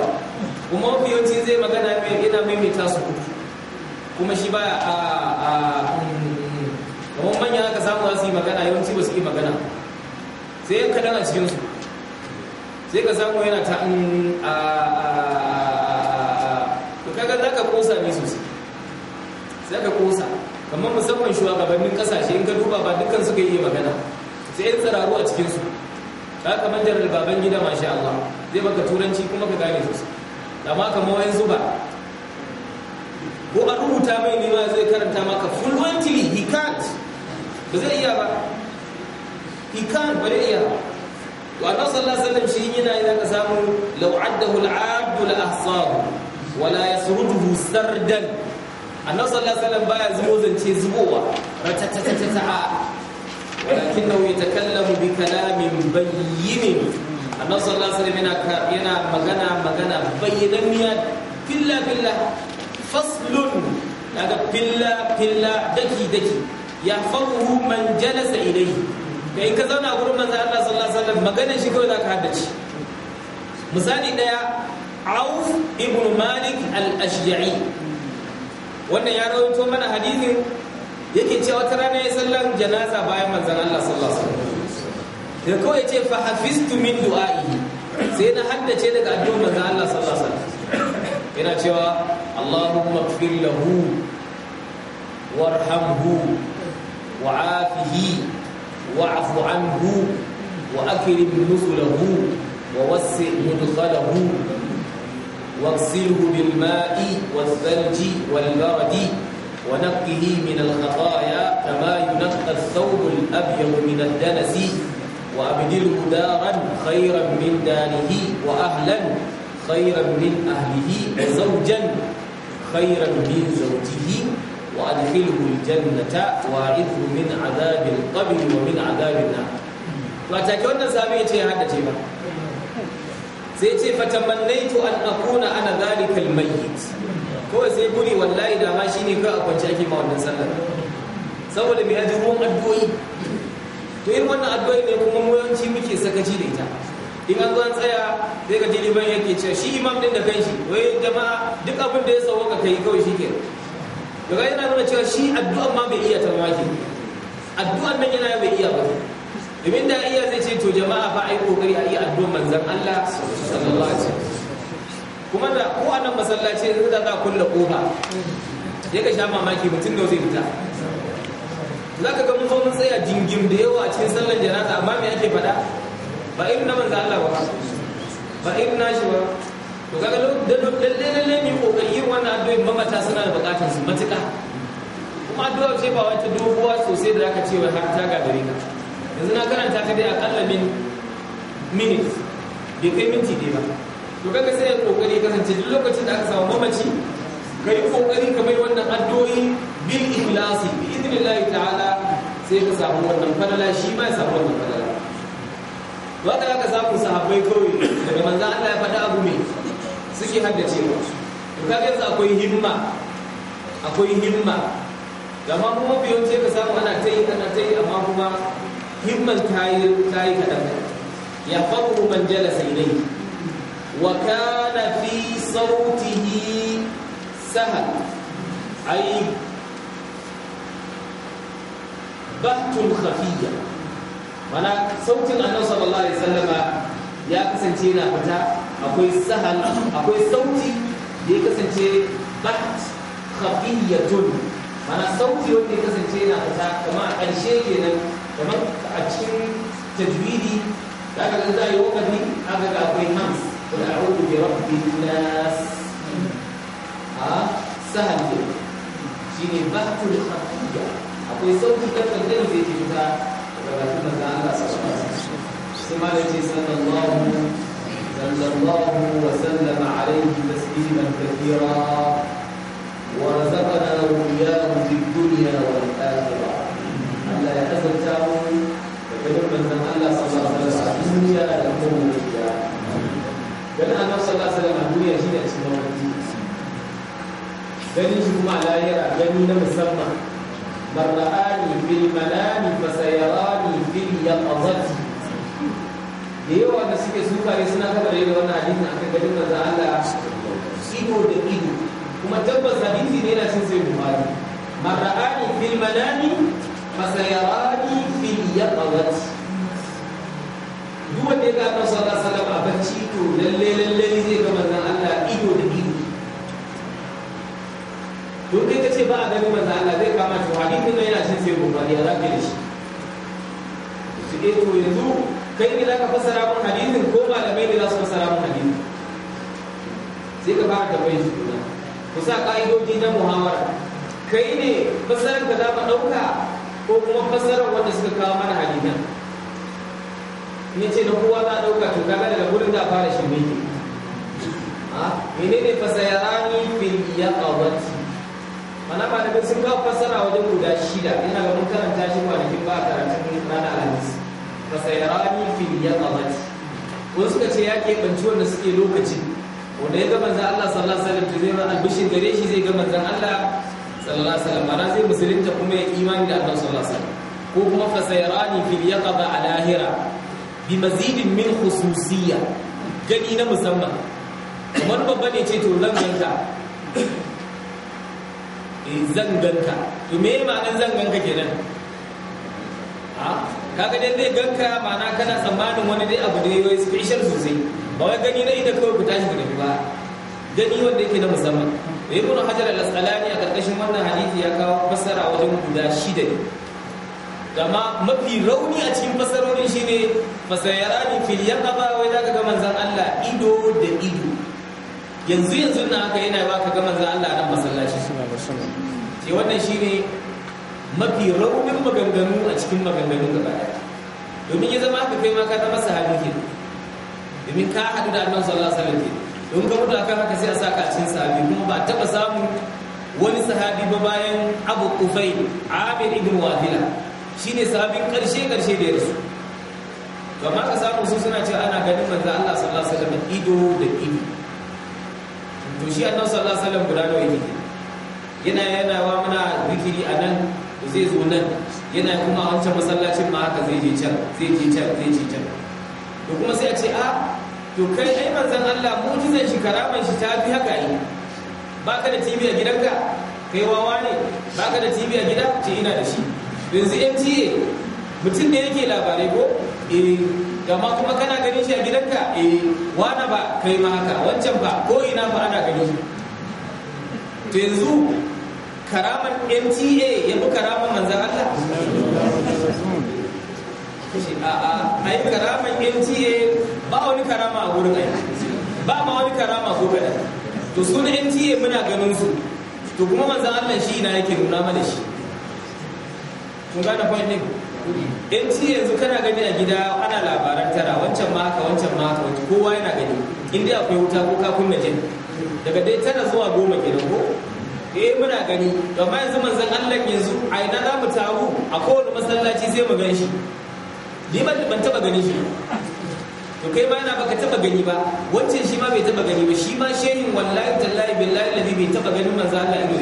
kuma yawanci zai magana mai yana maimaita su kuma shi ba a a um, kamar manyan aka samu za su yi magana yawanci ba su yi magana sai yanka kadan a cikinsu sai ka samu yana ta mm, a to kaga za ka kosa ne sosai sai ka kosa kamar musamman shugabannin kasashe in ka duba ba dukkan suka yi magana sai in tsararru a cikinsu ka kamar da baban gida masha Allah zai baka turanci kuma ka gane sosai amma kamar wayan zuba ko a rubuta mai ma zai karanta maka fluently he can't ba zai iya ba he can't ba zai iya ba wa annabi sallallahu alaihi wasallam shi yana idan ka samu law addahu al-abdu la ahsahu wa la yasruduhu sardan annabi sallallahu alaihi wasallam baya zubo zance zubowa ratatatatata ولكنه يتكلم بكلام بين annabi sallallahu alaihi wasallam yana yana magana magana bayyananniya filla filla faslun daga filla filla daki daki ya fahu man jalasa ilayhi da in ka zauna gurin manzan Allah sallallahu alaihi wasallam maganar shi kawai zaka haddace misali daya Auf ibn Malik al-Ashja'i wannan ya rawaito mana hadisin yake cewa wata rana ya sallan janaza bayan manzan Allah sallallahu alaihi wasallam da kawai ce fa hafiztu min du'a'i sai na haddace daga addu'ar manzan Allah sallallahu alaihi wasallam yana cewa Allahumma ighfir lahu warhamhu wa'afihi واعف عنه وأكرم نزله ووسع مدخله واغسله بالماء والثلج والبرد ونقه من الخطايا كما ينقى الثوب الأبيض من الدنس وأبدله دارا خيرا من داره وأهلا خيرا من أهله وزوجا خيرا من زوجه وادخله الجنه وعذه من عذاب القبر ومن عذاب النار فتاكي وانا سامي يتي تي با سي سيتي فتمنيت ان اكون انا ذلك الميت كو سي سيقولي والله دا ما شيني كا اكونتي اكي ما وانا سلم saboda mai ajiyarwar addu'o'i to yin wannan addu'o'i ne kuma muyanci muke sakaci da ita in an zan tsaya zai ga jiliban yake cewa shi imam din da kanshi wai jama'a duk abin da ya sauka kai kawai shi kenan daga yana nuna cewa shi addu'an ma bai iya ta ke? addu'an nan yana bai iya ba domin da iya zai ce to jama'a fa ai kokari a iya addu'an manzon Allah sallallahu alaihi wasallam kuma da ko anan masallaci yanzu da za a kulle kofa ya ka sha mamaki mutum da zai fita za ka ga mun zo mun tsaya jingim da yawa a cikin sallan jana'a amma me ake faɗa ba irin na manzon Allah ba ba irin nashi ba to kaga lalle lalle ne kokari yin wannan addu'o'in mata suna da bukatun su matuka kuma addu'a ce ba wata doguwa sosai da zaka ce wai har ta gare ka yanzu na karanta ta dai akalla min minutes bai kai minti dai ba to kaga sai kokari kasance duk lokacin da aka samu mamaci kai kokari ka mai wannan addu'o'i bil ikhlasi bi idnillahi ta'ala sai ka samu wannan falala shi ma ya samu wannan falala wanda aka samu sahabbai kawai daga manzo Allah ya faɗa abu mai suke haddace musu to kaga yanzu akwai himma akwai himma gama kuma biyo ce ka samu ana ta yi ana ta yi amma kuma himman ta yi ta yi kaɗan ya faɗu man jalasa ilai wa kana fi sautihi sahal ai bahtul khafiyya mana sautin annabi sallallahu alaihi wasallama ya kasance na fita akwai sahal akwai sauti da ya kasance bat khafiyatun mana sauti wanda ya kasance yana fita kamar a ƙarshe kenan kamar a cikin tajwidi da aka ga zai wakati aka ga akwai hams wal a'udhu bi rabbin nas a sahal ne shine batul khafiyya akwai sauti da kan da zai fita daga bakin manzo Allah sallallahu alaihi wasallam sai ma da ce sallallahu صلى الله وسلم عليه تسليما كثيرا ورزقنا رؤياه في الدنيا والاخره الا يحزن تاو فكلما من الا صلى الله عليه وسلم الدنيا لكم رجاء بل انا صلى الله عليه وسلم الدنيا جينا اسماء الدين بل يجب على يرى بني لم يسمع من رآني في المنام فسيراني في اليقظه da yawa da suke suka ne suna kabare da wannan a akan ganin manzon Allah ido da ido kuma tabbas hadisi ne yana cin sai buhari mar'ani fil manami fasayarani fil yaqwat duk wanda ya ga kan sallallahu alaihi wasallam a bacci to lalle lalle zai ga manzon Allah ido da ido to kai kace ba a ganin manzon Allah zai kama to hadisin ne yana cin sai buhari a zaka da shi su ke to yanzu kai ne ka fassara mun hadisin ko malamai ne za su fassara mun hadisin sai ka fara tambayar shi kuma ku sa ka'idoji na muhawara kai ne fassarar ka za ka ɗauka ko kuma fassarar wanda suka kawo mana hadisan ni ce na kowa za a ɗauka to kaga daga gurin da fara shi ne menene fasayarani fil yaqawati mana malamin sun kawo fassara wajen guda shida ina ga mun karanta shi kwanakin ba karatun rana alhamis rani fil yaqamati wani suka ce ya keɓanci wanda suke lokacin wanda ya ga Allah sallallahu alaihi wasallam zai ma albishin gare shi zai ga manzan Allah sallallahu alaihi wasallam zai musulunta kuma ya imani da Allah sallallahu alaihi wasallam ko kuma fasayarani fil yaqaba a lahira bi mazidin min khususiyya gani na musamman kamar babba ne ce to zan yanka eh, zan ganka to me ma'anar zan ganka kenan kaga dai zai ganka ma'ana kana tsammanin wani dai abu da yayi special sosai ba wai gani na ita kawai ku tashi ku tafi ba gani wanda yake na musamman ibnu hajar al-asqalani a karkashin wannan hadisi ya kawo fassara wajen guda shida ne gama mafi rauni a cikin fasarorin fasayara ni fil yaqaba wai zaka ga manzon Allah ido da ido yanzu yanzu na haka yana baka ga manzon Allah nan masallaci sallallahu alaihi wasallam eh, wannan shine mafi raunin maganganu a cikin maganganun gaba ɗaya domin ya zama haka kai ma ka zama sahabi ke domin ka haɗu da annan sallallahu alaihi wasallam ke domin ka mutu akan haka sai a sa a sahabi kuma ba taɓa samun wani sahabi ba bayan Abu Kufai abin ibn Wafila shine sahabin karshe karshe da yarsu kamar ka samu su suna cewa ana ganin manzo Allah sallallahu alaihi wasallam ido da ido to shi sallallahu alaihi wasallam guda nawa yake yana yana wa muna zikiri anan zai zo nan yana kuma an wancan masallacin ma haka zai je can zai je can zai je can to kuma sai a ce a ah, to kai ai manzan Allah mu'jizan shi karaman shi ta bi haka yi baka da TV a gidanka kai wawa ne baka da TV a gida ce ina da shi yanzu MTA mutum ne yake labarai ko eh amma kuma kana ganin shi a gidanka eh wani ba kai ma haka wancan ba ko ina ba ana ganin shi to yanzu karamar mta ya fi karamar manzan Allah a'a yi karamar mta ba wani karama a wurin aiki. ba ma wani karama ko kada to su na mta muna ganin su to kuma manzan Allah shi na yake nuna mana shi kun gane point din mta yanzu kana gani a gida ana labaran tara wancan ma haka wancan ma haka kowa yana gani inda akwai wuta ko ka kunna jin daga dai tara zuwa goma kenan ko eh muna gani amma yanzu manzon Allah yanzu a ina za mu taru a kowane masallaci sai mu gan shi ni ban ban taba gani shi to kai ma na baka taba gani ba wancan shi ma bai taba gani ba shi ma shehin wallahi tallahi billahi ladhi bai taba gani manzon Allah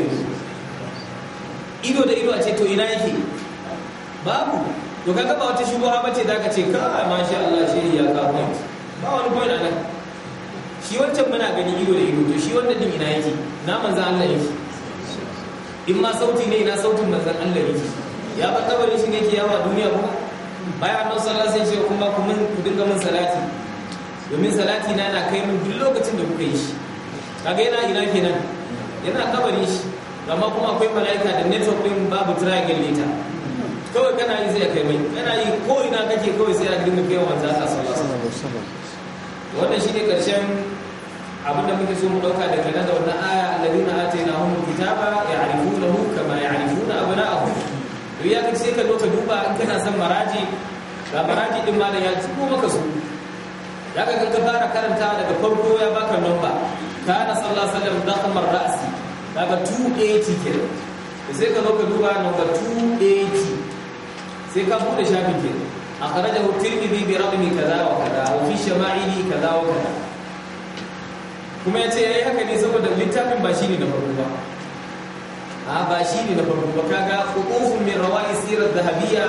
ido ido da ido a ce to ina yake babu to kaga ba wata shubuha bace da ka ce ka masha Allah shehi ya ka point ba wani point a nan shi wancan muna gani ido da ido to shi wannan din ina yake na manzo Allah yake in ma sauti ne ina sautin manzan Allah yake ya ba kabari shi ne ke yawa duniya ba baya annabi sallallahu alaihi wasallam kuma ku mun ku dinga mun salati domin salati na na kai mun duk lokacin da kuka yi shi kaga yana ina kenan yana kabari shi amma kuma akwai malaika da network din babu triangle data kawai kana yi zai kai mai kana yi ko ina kake kawai sai a dinga kai wa manzan sallallahu alaihi wasallam wannan shine karshen abinda muke so mu dauka daga nan da wannan aya alladina atainahum alkitaba ya'rifunahu kama ya'rifuna abna'ahum to ya kace ka zo ka duba in kana son maraji ga maraji din ma da ya tuko maka su ya ga ka fara karanta daga farko ya baka number kana sallallahu alaihi wasallam kamar ra'si daga 280 kenan sai ka zo ka duba number 280 sai ka bude shafin kenan akhrajahu tirmidhi bi raqmi kaza wa kaza wa fi shama'ili kaza wa kaza kuma ya ce ya yi haka ne saboda littafin ba shi ne na farko ba a ba shi ne na farko ba kaga hukufun mai rawa isirar zahabiya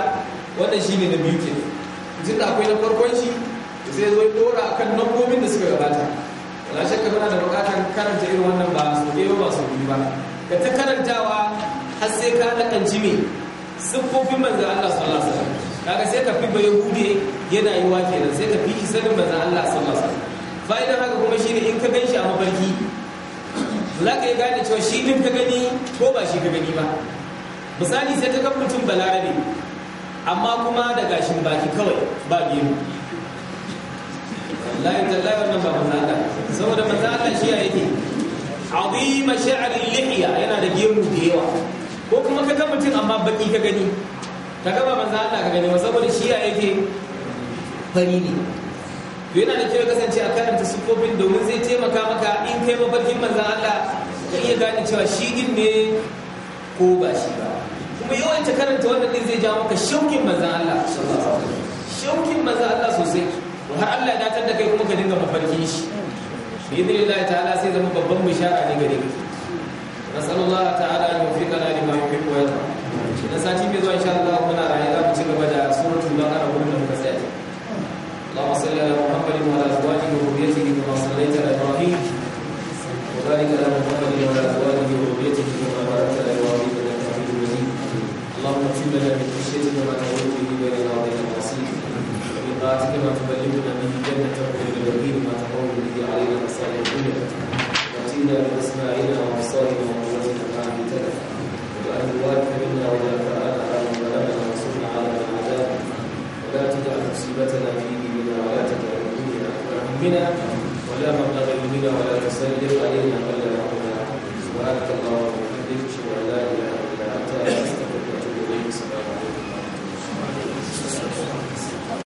wannan shi ne na biyu ke jin da akwai na farkon shi zai zo dora a kan lambobin da suka gabata wala shakka muna da bukatar karanta irin wannan ba su ɗaya ba su biyu ba ka ta karantawa har sai ka lakanci me siffofin manzan Allah sallallahu alaihi wasallam kaga sai ka fi bayan hude yana yi wa kenan sai ka fi sanin manzan Allah sallallahu alaihi wasallam fa'idan haka kuma shine in ka ganshi a mafarki za ka yi gane cewa shi din ka gani ko ba shi ka gani ba misali sai ka ga mutum balarabe amma kuma da gashin baki kawai ba biyu wallahi tallahi wannan ba manzala saboda manzala shi ya yake azima sha'ri lihiya yana da gemu da yawa ko kuma ka ga mutum amma baki ka gani ka ga ba manzala ka gani saboda shi ya yake fari ne to yana da kyau kasance a karanta sifofin domin zai taimaka maka in kai mafarkin manzan Allah ka iya gane cewa shi din ne ko ba shi ba kuma yawanci karanta wannan din zai ja maka shaukin manzan Allah shaukin manzan Allah sosai har Allah ya datar da kai kuma ka dinga mafarkin shi باذن الله تعالى sai zama babban bishara ne gare ka nasallallahu ta'ala an yufiqana lima yuhibbu wa yarda dan sati mai zuwa insha Allah muna rayuwa على محمد وعلى أزواجه وذريته كما صليت على إبراهيم وبارك على محمد وعلى أزواجه وذريته كما باركت على إبراهيم إنك حميد مجيد اللهم اغفر لنا من خشيتك وما تعود به بيننا وبين المعصية ومن طاعتك ما تبلغنا به جنتك ومن اليقين ما تقوم به علينا مصالح الدنيا واتينا بأسماعنا وأبصارنا وقوتنا ما أنتنا وأن الوارث منا ولا تعالى على من ظلمنا وانصرنا على من عادانا ولا تدع مصيبتنا في ربنا ولا مبلغ علمنا ولا تسلم علينا من لا سبحانك اللهم وبحمدك